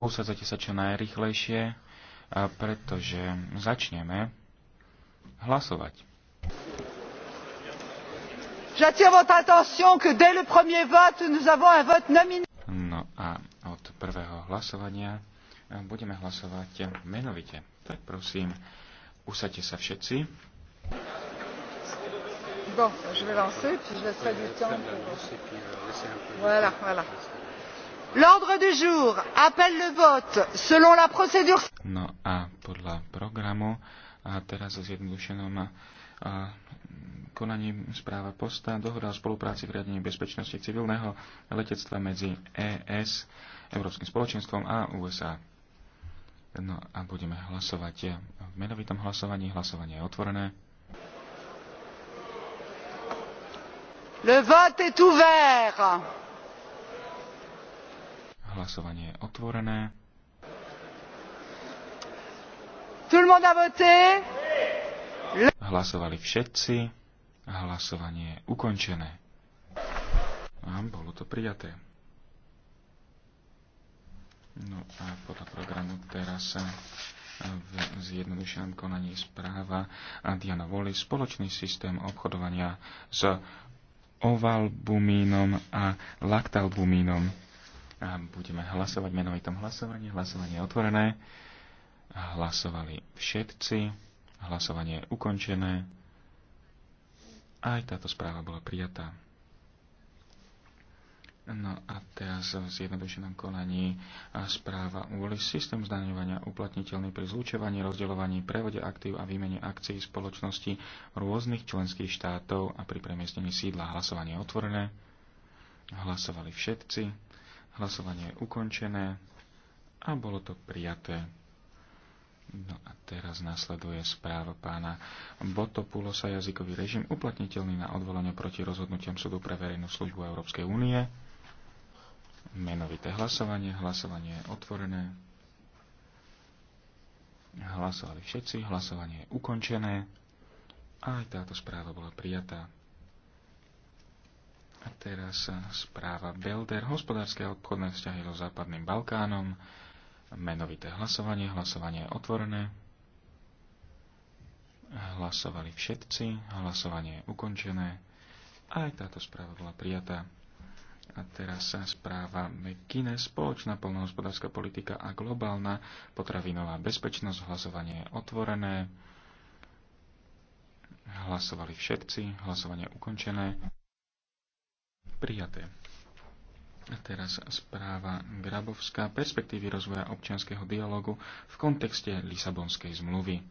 usadzajte sa čo najrychlejšie, pretože začneme hlasovať. No a od prvého hlasovania budeme hlasovať menovite. Tak prosím, usadte sa všetci. Bon, je vais lancer, puis je laisserai du temps. Voilà, voilà. L'ordre du jour appelle le vote selon la procédure. No a podľa programu a teraz so zjednodušenom a, konaním správa posta dohoda o spolupráci v riadení bezpečnosti civilného letectva medzi ES, Európskym spoločenstvom a USA. No a budeme hlasovať v menovitom hlasovaní. Hlasovanie je otvorené. Le vote est ouvert. Hlasovanie je otvorené. Hlasovali všetci. Hlasovanie je ukončené. A bolo to prijaté. No a podľa programu teraz sa v zjednodušenom konaní správa a Diana Voli spoločný systém obchodovania s ovalbumínom a laktalbumínom. A budeme hlasovať menovitom hlasovaní. Hlasovanie je otvorené. Hlasovali všetci. Hlasovanie je ukončené. Aj táto správa bola prijatá. No a teraz v zjednodušenom konaní správa úvoli systém zdaňovania uplatniteľný pri zlučovaní, rozdeľovaní, prevode aktív a výmene akcií spoločnosti rôznych členských štátov a pri premiestnení sídla hlasovanie otvorené. Hlasovali všetci. Hlasovanie je ukončené a bolo to prijaté. No a teraz nasleduje správa pána Botopulosa jazykový režim uplatniteľný na odvolanie proti rozhodnutiam súdu pre verejnú službu Európskej únie. Menovité hlasovanie. Hlasovanie je otvorené. Hlasovali všetci. Hlasovanie je ukončené. A aj táto správa bola prijatá. A teraz správa Belder, hospodárske a obchodné vzťahy so Západným Balkánom, menovité hlasovanie, hlasovanie je otvorené. Hlasovali všetci, hlasovanie je ukončené. Aj táto správa bola prijatá. A teraz sa správa McKinney, spoločná polnohospodárska politika a globálna potravinová bezpečnosť. Hlasovanie je otvorené. Hlasovali všetci, hlasovanie je ukončené. Prijaté. A teraz správa Grabovská perspektívy rozvoja občianského dialogu v kontexte Lisabonskej zmluvy.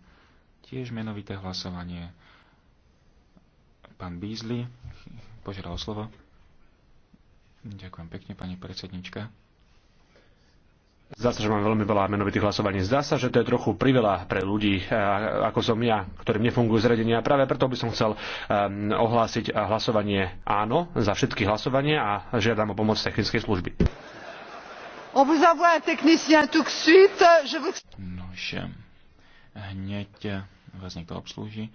Tiež menovité hlasovanie. Pán Bízli požiadal slovo. Ďakujem pekne, pani predsednička. Zdá sa, že mám veľmi veľa menovitých hlasovaní. Zdá sa, že to je trochu priveľa pre ľudí, eh, ako som ja, ktorým nefungujú zredenia. Práve preto by som chcel ehm, ohlásiť hlasovanie áno za všetky hlasovanie a žiadam o pomoc technickej služby. On vous envoie un technicien tout de suite. Je vous... hneď vás niekto obslúži.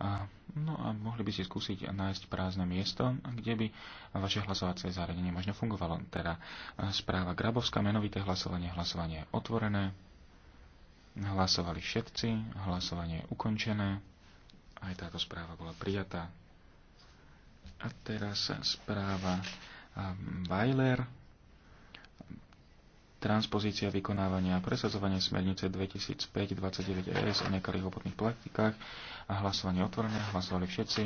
A, no a mohli by ste skúsiť nájsť prázdne miesto, kde by vaše hlasovacie zariadenie možno fungovalo. Teda správa Grabovská, menovité hlasovanie, hlasovanie je otvorené. Hlasovali všetci, hlasovanie je ukončené. Aj táto správa bola prijatá. A teraz správa Weiler transpozícia vykonávania a presadzovanie smernice 2005-29-ES e o nekalých obchodných praktikách a hlasovanie otvorené, hlasovali všetci,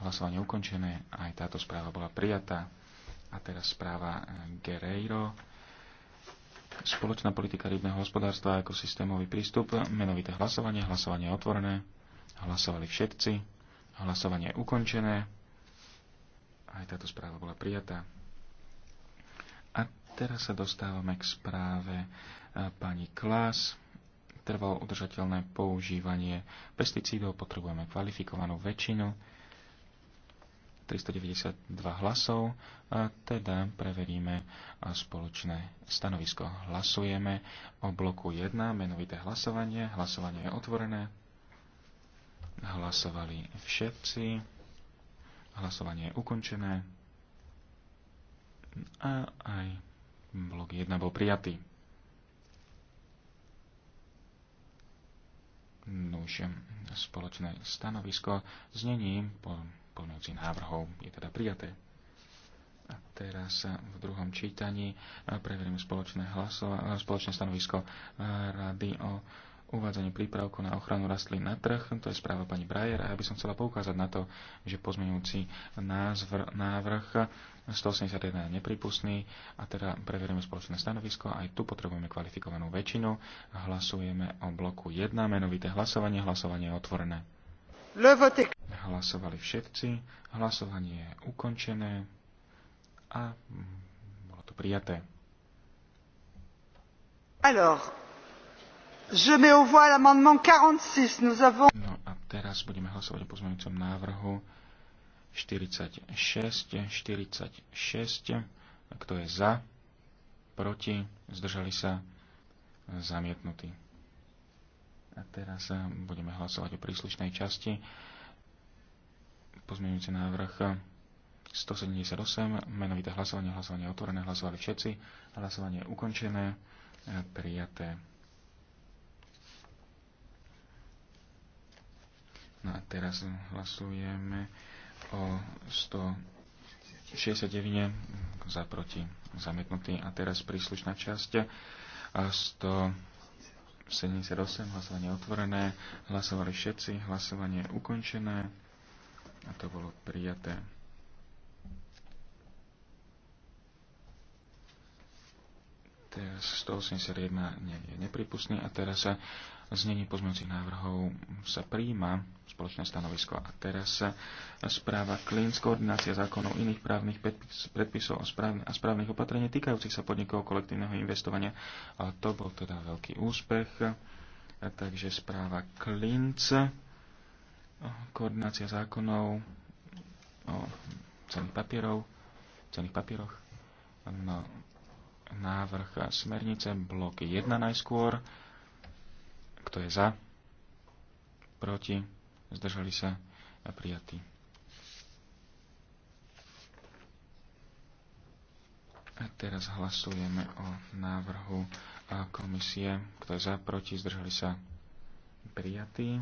hlasovanie ukončené, aj táto správa bola prijatá. A teraz správa e, Guerreiro. Spoločná politika rybného hospodárstva ako systémový prístup, menovité hlasovanie, hlasovanie otvorené, hlasovali všetci, hlasovanie ukončené, aj táto správa bola prijatá. Teraz sa dostávame k správe e, pani Klas. Trvalo udržateľné používanie pesticídov potrebujeme kvalifikovanú väčšinu. 392 hlasov, a teda preveríme spoločné stanovisko. Hlasujeme o bloku 1, menovité hlasovanie. Hlasovanie je otvorené. Hlasovali všetci. Hlasovanie je ukončené. A aj Blok 1 bol prijatý. Nuž, spoločné stanovisko znení, po plnúci návrhov je teda prijaté. A teraz v druhom čítaní preverím spoločné, hlaso, spoločné stanovisko Rady o uvádzanie prípravku na ochranu rastlín na trh. To je správa pani Brajer a ja by som chcela poukázať na to, že pozmeňujúci názvr, návrh 181 je nepripustný a teda preverujeme spoločné stanovisko. Aj tu potrebujeme kvalifikovanú väčšinu. Hlasujeme o bloku 1, menovité hlasovanie. Hlasovanie je otvorené. Hlasovali všetci. Hlasovanie je ukončené a mm, bolo to prijaté. Alors, je mets au voix l'amendement 46. Nous avons... No a teraz budeme hlasovať o pozmeňujúcom návrhu 46, 46. Kto je za? Proti? Zdržali sa? Zamietnutí. A teraz eh, budeme hlasovať o príslušnej časti. Pozmeňujúci návrh 178, menovité hlasovanie, hlasovanie otvorené, hlasovali všetci, hlasovanie ukončené, eh, prijaté. teraz hlasujeme o 169 za proti zamietnutý a teraz príslušná časť 178 hlasovanie otvorené hlasovali všetci hlasovanie ukončené a to bolo prijaté 181 nie, je nepripustný a teraz sa znení pozmeňujúcich návrhov sa príjma spoločné stanovisko a teraz sa správa Klins, koordinácia zákonov iných právnych predpisov a, a správnych opatrení týkajúcich sa podnikov kolektívneho investovania. A to bol teda veľký úspech. A takže správa Klinc, koordinácia zákonov o cených papierov, cených papieroch. No, návrh smernice, blok 1 najskôr. Kto je za? Proti? Zdržali sa? A prijatí. A teraz hlasujeme o návrhu komisie. Kto je za? Proti? Zdržali sa? Prijatí.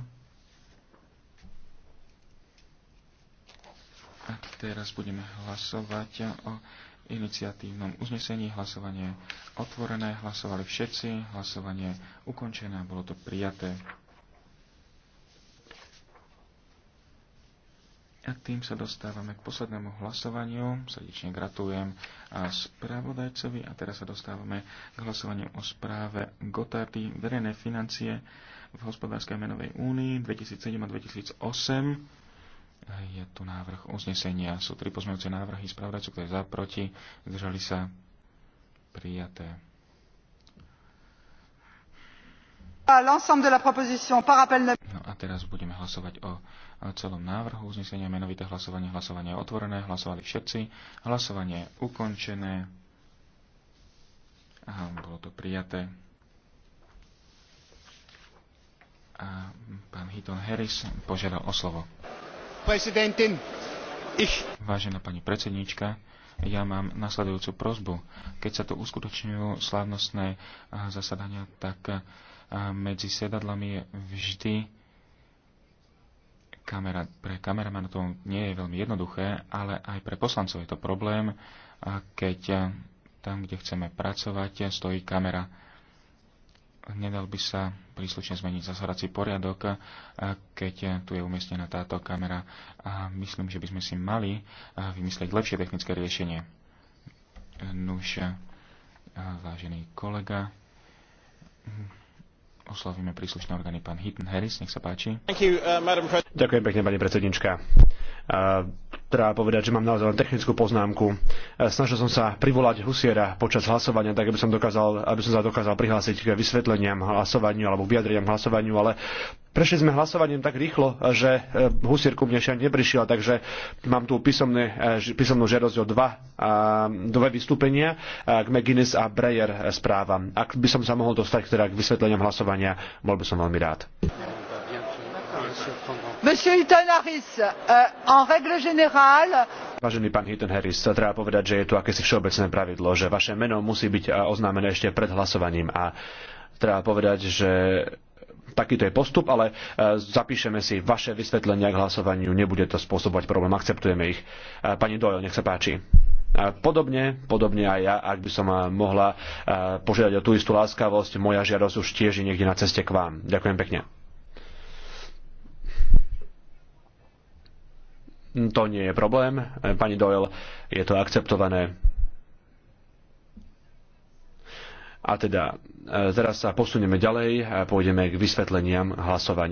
Teraz budeme hlasovať o iniciatívnom uznesení. Hlasovanie otvorené, hlasovali všetci, hlasovanie ukončené a bolo to prijaté. A tým sa dostávame k poslednému hlasovaniu. Srdečne gratulujem a správodajcovi. A teraz sa dostávame k hlasovaniu o správe Gotardy verejné financie v hospodárskej menovej únii 2007 a 2008. Je tu návrh uznesenia. Sú tri pozmeňujúce návrhy spravodajcu, ktoré za, proti, zdržali sa prijaté. No a teraz budeme hlasovať o celom návrhu uznesenia, menovité hlasovanie, hlasovanie otvorené, hlasovali všetci, hlasovanie ukončené. A bolo to prijaté. A pán Hiton Harris požiadal o slovo. Vážená pani predsedníčka, ja mám nasledujúcu prozbu. Keď sa tu uskutočňujú slávnostné eh, zasadania, tak eh, medzi sedadlami je vždy kamera. Pre kameramana to nie je veľmi jednoduché, ale aj pre poslancov je to problém, keď eh, tam, kde chceme pracovať, stojí kamera nedal by sa príslušne zmeniť zasadací poriadok, keď tu je umiestnená táto kamera. A myslím, že by sme si mali vymyslieť lepšie technické riešenie. Nuž, vážený kolega, oslovíme príslušné orgány. Pán Hitton Harris, nech sa páči. Uh, Ďakujem pekne, pani predsednička treba povedať, že mám naozaj len technickú poznámku. E, snažil som sa privolať husiera počas hlasovania, tak aby som, dokázal, aby som sa dokázal prihlásiť k vysvetleniam hlasovaniu alebo vyjadreniam hlasovaniu, ale prešli sme hlasovaním tak rýchlo, že e, husier ku mne však neprišiel, takže mám tu písomné, e, písomnú žiadosť o dva, dve vystúpenia k McGuinness a Breyer správam. Ak by som sa mohol dostať teda k vysvetleniam hlasovania, bol by som veľmi rád. Euh, Vážený pán Hitton Harris, treba povedať, že je tu akési všeobecné pravidlo, že vaše meno musí byť eh, oznámené ešte pred hlasovaním a treba povedať, že takýto je postup, ale eh, zapíšeme si vaše vysvetlenia k hlasovaniu, nebude to spôsobovať problém, akceptujeme ich. Eh, pani Doyle, nech sa páči. Podobne, podobne aj ja, ak by som mohla požiadať o tú istú láskavosť, moja žiadosť už tiež je niekde na ceste k vám. Ďakujem pekne. To nie je problém. Pani Doyle, je to akceptované. A teda, e, teraz sa posuneme ďalej a pôjdeme k vysvetleniam hlasovania.